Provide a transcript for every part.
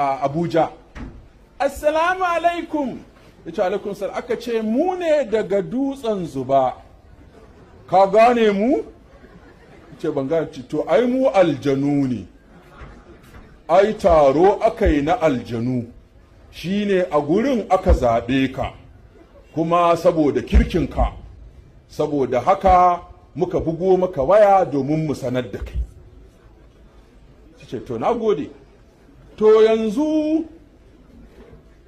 a abuja assalamu alaikum ya ce alaikun sal aka ce mu ne daga dutsen zuba ka gane mu ce ban gane to ai mu aljanu ne ai taro aka yi na aljanu Shi ne a gurin aka zaɓe ka kuma saboda kirkinka saboda haka muka bugo maka waya domin mu sanar da kai ce to na gode to yanzu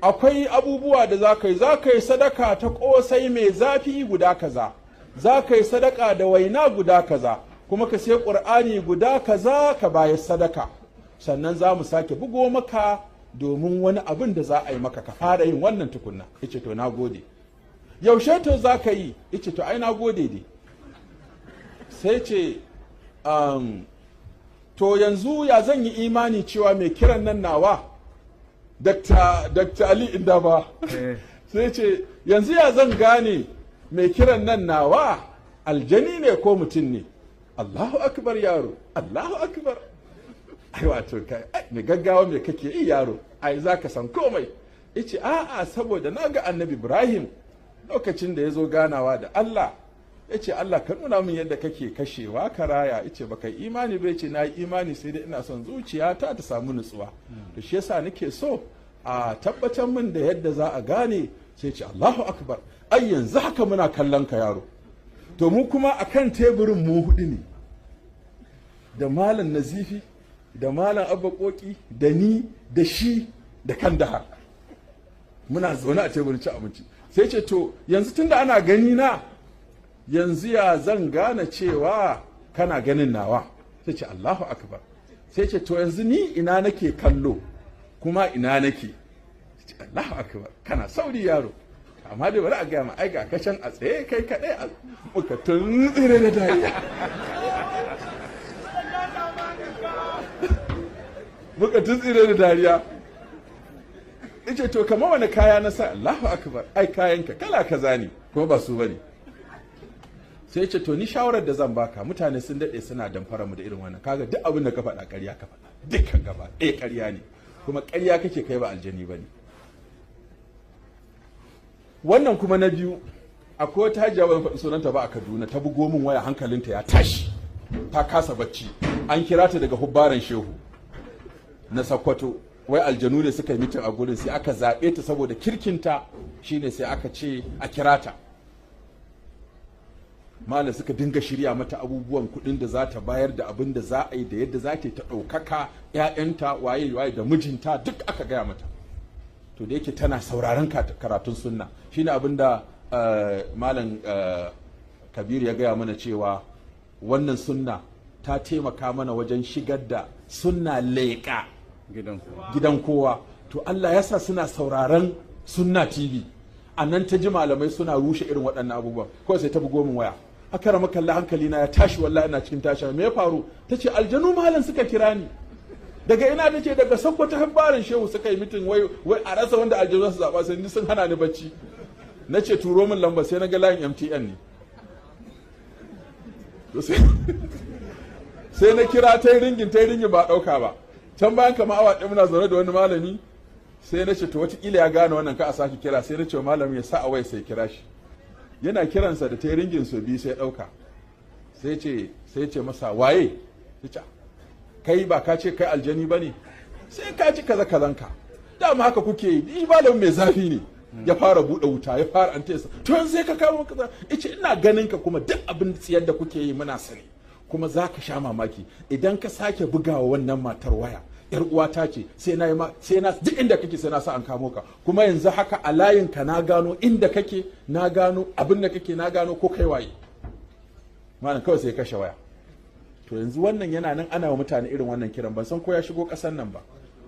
akwai abubuwa da za ka yi za ka yi sadaka ta ƙosai mai zafi guda kaza za ka yi sadaka da waina guda kaza kuma ka sai ƙur'ani guda kaza ka bayar sadaka sannan za mu sake bugo maka domin wani abin da za a yi maka ka fara yin wannan tukunna ice to na gode yaushe to za ka yi ice to ai na gode dai sai ce um, to yanzu ya zan yi imani cewa mai kiran nan nawa dr ali inda ba eh. sai ce yanzu ya zan gane mai kiran nan nawa aljani ne ko mutum ne allahu akbar yaro allahu akbar ai wato kai mai gaggawa mai kake yi yaro ai za ka san komai ce a'a saboda na ga annabi ibrahim lokacin da ya zo ganawa da allah ya ce Allah ka nuna min yadda kake kashewa ka raya ya ce baka imani bai ce na yi imani sai dai ina son zuciya ta ta samu nutsuwa Da shi yasa nake so a tabbatar min da yadda za a gane sai ce Allahu akbar ai yanzu haka muna kallon ka yaro to mu kuma akan teburin mu hudu ne da malam nazifi da malam abba da ni da shi da kan da muna zaune a teburin ci abinci sai ce to yanzu tunda ana gani na yanzu ya zan gane cewa kana ganin nawa sai ce Allahu akbar sai ce to yanzu ni ina nake kallo kuma ina nake ce Allahu akbar kana sauri yaro amma dai bari a gaya ma aika ga kashan a tsaye kai kaɗai a muka tunzire da dariya muka tunzire da dariya ce to kamar wani kaya na sa Allahu akbar ai kayanka kala kaza ne kuma ba su bane sai ce to ni shawarar da zan baka mutane sun daɗe suna damfara mu da irin wannan kaga duk abin da ka faɗa ƙarya ka faɗa dukkan gaba ɗaya ƙarya ne kuma ƙarya kake kai ba aljani ba ne wannan kuma na biyu akwai wata hajiya ba faɗi sunanta ba a kaduna ta bugo min waya hankalinta ya tashi ta kasa bacci an kira ta daga hubbaran shehu na sakkwato wai aljanu ne suka yi mitin a gurin sai aka zaɓe ta saboda kirkinta shine sai aka ce a kira ta malam suka dinga shirya mata abubuwan kuɗin da za ta bayar da abin da za a yi da yadda za ta ta ɗaukaka ‘ya'yanta waye waye da mijinta duk aka gaya mata to da yake tana sauraron karatun sunna shine abin da eh, malam eh, kabiru ya gaya mana cewa wannan sunna ta taimaka mana wajen shigar da sunna leƙa gidan kowa to allah ya sa suna sauraron sunna tv a nan ta ji malamai suna rushe irin waɗannan abubuwan kawai sai ta bugo min waya akara makalla hankali na ya tashi wallahi ina cikin tashi me ya faru tace aljanu malam suka kira ni daga ina tace daga ta habbarin shehu suka yi mitin wai wai a rasa wanda aljanu su zaba sai sun hana ni bacci nace turo min lamba sai na ga layin MTN ne sai na kira ta ringin ta ringin ba dauka ba can bayan kama awa ɗaya muna zaune da wani malami sai na ce to wata ya gane wannan ka a sake kira sai na ce malamin ya sa a wai sai kira shi yana kiransa da ta yi su biyu sai ɗauka sai ce sai ce masa waye kai ba ka ce kai aljani ba ne sai ka ci kaza kazanka dama haka kuke yi ni malamin mai zafi ne ya fara buɗe wuta ya fara an tesa to yanzu sai ka kawo kaza ce ina ganin ka kuma duk abin tsiyar da kuke yi muna sani kuma za ka sha mamaki idan ka sake bugawa wannan matar waya yar uwata ce sai na yi ma sai na duk inda kake sai na sa an kamo ka kuma yanzu haka a layin ka na gano inda kake na gano abin da kake na gano ko kai waye malam kawai sai kashe waya to yanzu wannan yana nan ana wa mutane irin wannan kiran ban san ko ya shigo kasan nan ba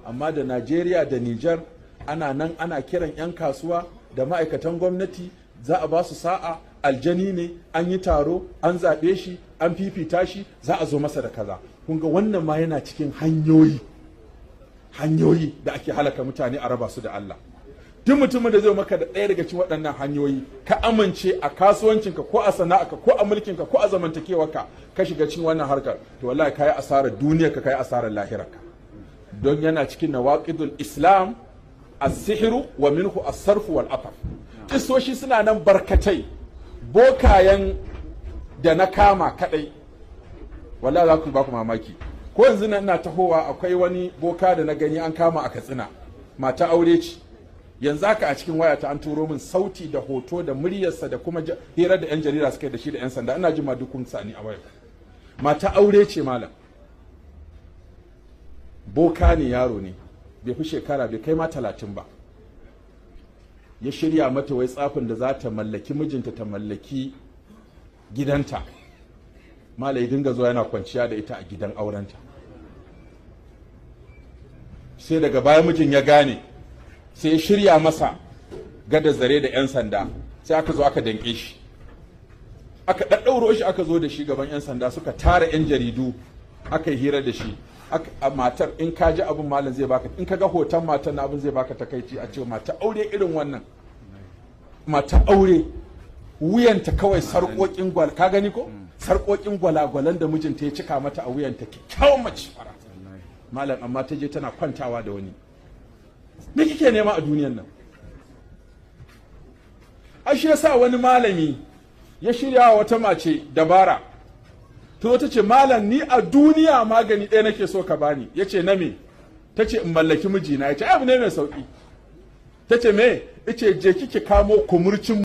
amma da Najeriya da Niger ana nan ana kiran 'yan kasuwa da ma'aikatan gwamnati za a ba su sa'a aljani ne an yi taro an zaɓe shi an fifita shi za a zo masa da kaza kun ga wannan ma yana cikin hanyoyi hanyoyi da ake halaka mutane a raba su da Allah duk mutumin da zai maka da ɗaya daga cikin waɗannan hanyoyi ka amince a kasuwancinka ko a sana'arka ko a mulkinka ko a zamantakewa ka ka shiga cikin wannan harkar to wallahi kai asarar duniyarka kai asarar lahirarka don yana cikin nawaqidul islam as-sihru wa minhu as-sarfu wal ataf kisoshi suna nan barkatai bokayen da na kama kadai wallahi za ku ba ku mamaki ko yanzu na ina tahowa akwai wani boka da na gani an kama a katsina mata aure ce yanzu haka a cikin wayata an turo min sauti da hoto da muryarsa da kuma hirar da yan jarida suka da shi da yan sanda ina jima dukun sani a wayar mata aure ce malam boka ne yaro ne bai fi shekara bai kai ma talatin ba ya shirya mata wai tsafin da za ta mallaki mijinta ta mallaki gidanta malai dinga zuwa yana kwanciya da ita a gidan aurenta sai daga baya mijin ya gane sai ya shirya masa gada zare da 'yan sanda sai aka zo aka danke shi aka ɗaɗɗauro shi aka zo da shi gaban 'yan sanda suka tara 'yan jaridu aka yi hira da shi a matar in ka ji abin malam zai baka in ka ga hoton matar na abin zai baka takaici a ce mata aure irin wannan mata aure wuyanta kawai sarƙoƙin gwal ka gani ko sarƙoƙin gwalagwalan da mijinta ya cika mata a wuyanta kyakkyawan mace malam amma ta je tana kwantawa da wani me kike nema a duniyan nan ashe yasa wani malami ya shirya wa wata mace dabara to ta ce malam ni a duniya magani ɗaya nake so ka bani ya ce na me ta ce in mallaki mijina ya ce abu ne mai sauƙi ta ce me ya ce je kike kamo kumurcin